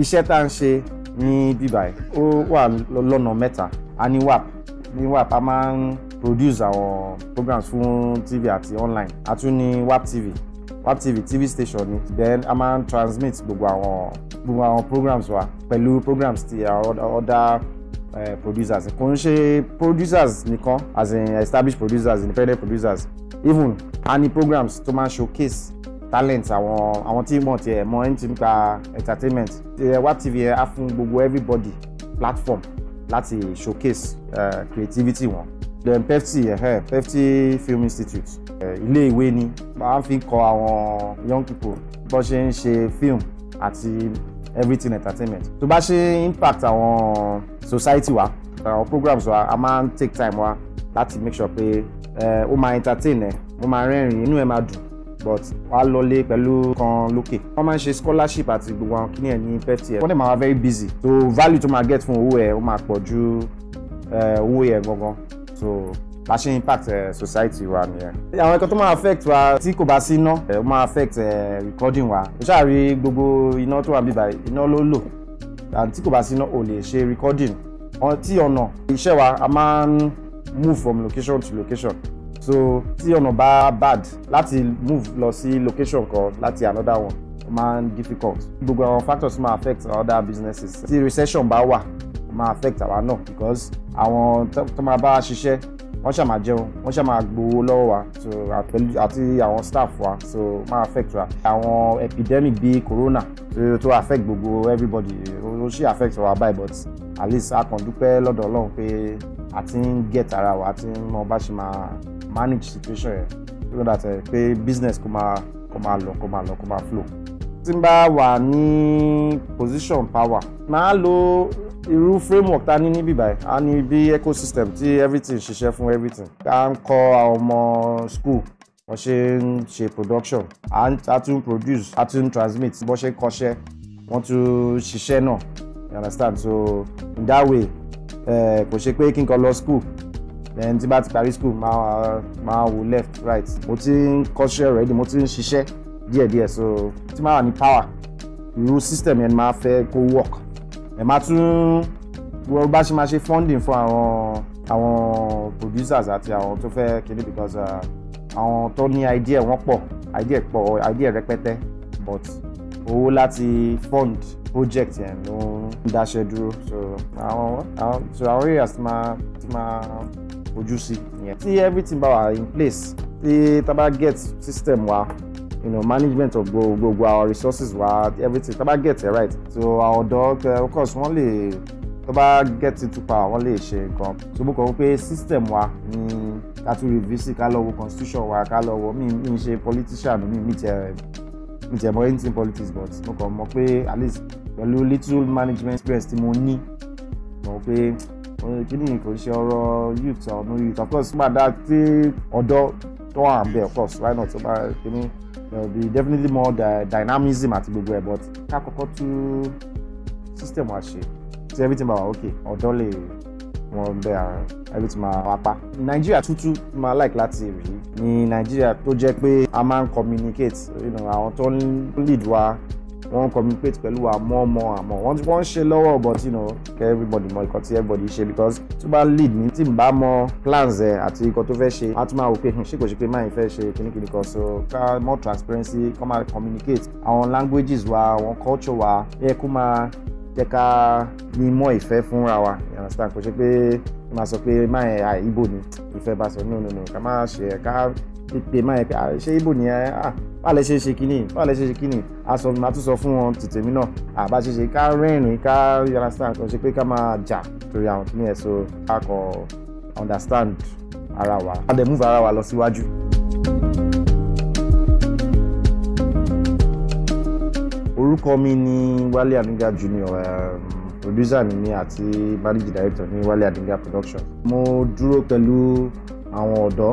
iṣẹ́ tá à ń ṣe ní bíbáyìí ó wà lọ́nà mẹ́ta a ní WAP ní WAP a máa ń produce our programs fún tv àti online a tún ní WAP TV WAP TV tv station ni then a máa ń transmit gbogbo àwọn gbogbo àwọn programs wa pẹ̀lú programs ti other uh, producers kò ń ṣe producers nìkan as in established producers independent producers even a ní programs tó máa ń showcase talent àwọn àwọn tí mọ̀ tiẹ̀ mọ ẹni tí ń pa entertainment wa tv ẹ á fún gbogbo everybody platform láti showcase uh, creativity wọn then pepsi uh, pepsi film institute uh, ilé ìwé ni máa fi kọ́ àwọn young people bó ṣe ń ṣe film àti everything entertainment tó bá ṣe impact àwọn society wa àwọn programs wa a máa take time wa láti make sure pé ó máa entertain ẹ ó máa rẹ́rìn inú ẹ máa dùn but wàá lọlé pẹ̀lú kan lókè wọ́n máa ń ṣe scholarship àti gbogbo àwọn kíní ẹ̀ ní pepsi ẹ̀ wọ́n dẹ̀ máa wá very busy so value tó máa get fún owó ẹ̀ ó máa pọ̀ ju eh, owó yẹn gangan so la impact uh, society wa nìyẹn. àwọn nǹkan tó máa affect wa tí kò bá sí iná eh, ó máa affect recording wa o ṣáà rí gbogbo iná tó wà bíbá iná ló lò tí kò bá sí iná ò lè ṣe recording tí ọ̀nà iṣẹ́ wa a máa ń move from location to location so tí ọ̀nà bá bad láti move lọ sí location kan láti another one ó máa ń difficult gbogbo àwọn factors máa affect other businesses tí recession bá wà ó máa affect àwa náà because àwọn tó máa bá a ṣiṣẹ́ wọ́n ṣáà máa jẹun wọ́n ṣáà gbowó lọ́wọ́ wa so àti àwọn staff wa so máa affect wa àwọn epidemic bíi corona tó affect gbogbo everybody ó ṣì affect wa báyìí but at least a kàn dúpẹ́ lọ́dọ̀ Ọlọ́run pé a ń get ara wa a ti ń mọ bá ṣe máa manage situation yẹn so that ẹ eh, pé business kò máa kò máa lọ kò máa lọ kò máa flow. tí n bá wà ní position power máa lo irú framework ta ní níbí báyìí a ní bí ecosystem tí everything ṣiṣẹ́ fún everything ká ń kọ́ àwọn ọmọ school wọ́n ṣe ń ṣe production a tún produce a tún transmit bó ṣe ń kọ́ṣẹ́ wọ́n tún ṣiṣẹ́ náà you understand so in that way Eh, kò ṣe pé kí n kọ lọ school then tí bá ti parí school máa máa wo left right mo ti ń kọ́ṣẹ́ already mo ti ń ṣiṣẹ́ díẹ̀díẹ̀ so tí máa wà ní power irú system yẹn máa fẹ́ kó work ẹ̀ máa tún wọ́n bá ṣe máa ṣe funding fún àwọn àwọn producers àti àwọn tó fẹ́ kiri because uh, àwọn tó ní idea wọ́n pọ̀ idea pọ̀ idea rẹpẹtẹ but owó láti fund project yẹn ló ń dáṣẹ́ dúró so àwọn so àwọn areas ti máa ti máa fojú sí yẹn. tí everything bá wà in place tí tá get system wa you know management of gbogbo our resources wa everything tá get it right so àwọn ọ̀dọ́ of course wọ́n lè tó bá get into power wọ́n lè ṣe nǹkan ṣùgbọ́n kàn wípé system wa ni ká tún review sí ká lọ wo constitution wa ká lọ wo mi mi ṣe politician mi mi tẹ n tiẹ̀ mọ anything politics but mo kàn mọ pé at least pẹ̀lú little management experience tí mo ní mọ̀ pé kí ni kò ṣe ọ̀rọ̀ youth or no youth of course máa dá tí ọ̀dọ́ tó wà ń bẹ̀ of course why not ọba kìíní there will be definitely more dynamism àti gbogbo ẹ̀ but ká kọ́kọ́ tú system wa ṣe tí everything bá wà okay ọ̀dọ́ lè wọn bẹ àrùn ẹbí ti máa wá pa. nàìjíríà tútù máa like láti rí ní nàìjíríà tó jẹ́ pé a máa ń communicate you know, àwọn tó ń lead wa wọ́n ń communicate pẹ̀lú wa mọ́ mọ́ àmọ́ wọ́n wọ́n ń ṣe lọ́wọ́ but you know kẹ́ everybody mọ ikọ̀ tí everybody ṣe because tó bá lead ní tí n bá mọ plans ẹ̀ àti ikọ̀ tó fẹ́ ṣe a tún máa wò pé hmm, ṣé kò ṣe pé máyì fẹ́ ṣe kìnnìkìnnì kan so ká more transparency kó máa communicate àwọn languages wa àwọn culture wa yẹ kó máa jẹ́ ká ní mọ́ ìfẹ́ fúnra wa understand kò ṣe pé ẹ máa sọ pé máa ẹ̀ ibo ni ìfẹ́ bá sọ no no no ká máa ṣe ká pé máa ẹ̀ pé ṣé ibo ni ẹ̀ ah bá lè ṣe ṣe kíni bá lè ṣe ṣe kíni aṣọ mi máa tún sọ fún wọn tètè mi náà àbá ṣe ṣe ká rẹ́rìn ká understand kò ṣe pé ká máa jà torí àwọn kíni ẹ̀ so ká kọ understand ara wa ká dẹ̀ move ara wa lọ síwájú. orúkọ mi ni Wálé Àdúgà Junior um, producer mi ni àti managing director ni Wálé Adéǹga production. mo dúró pẹ̀lú àwọn ọ̀dọ́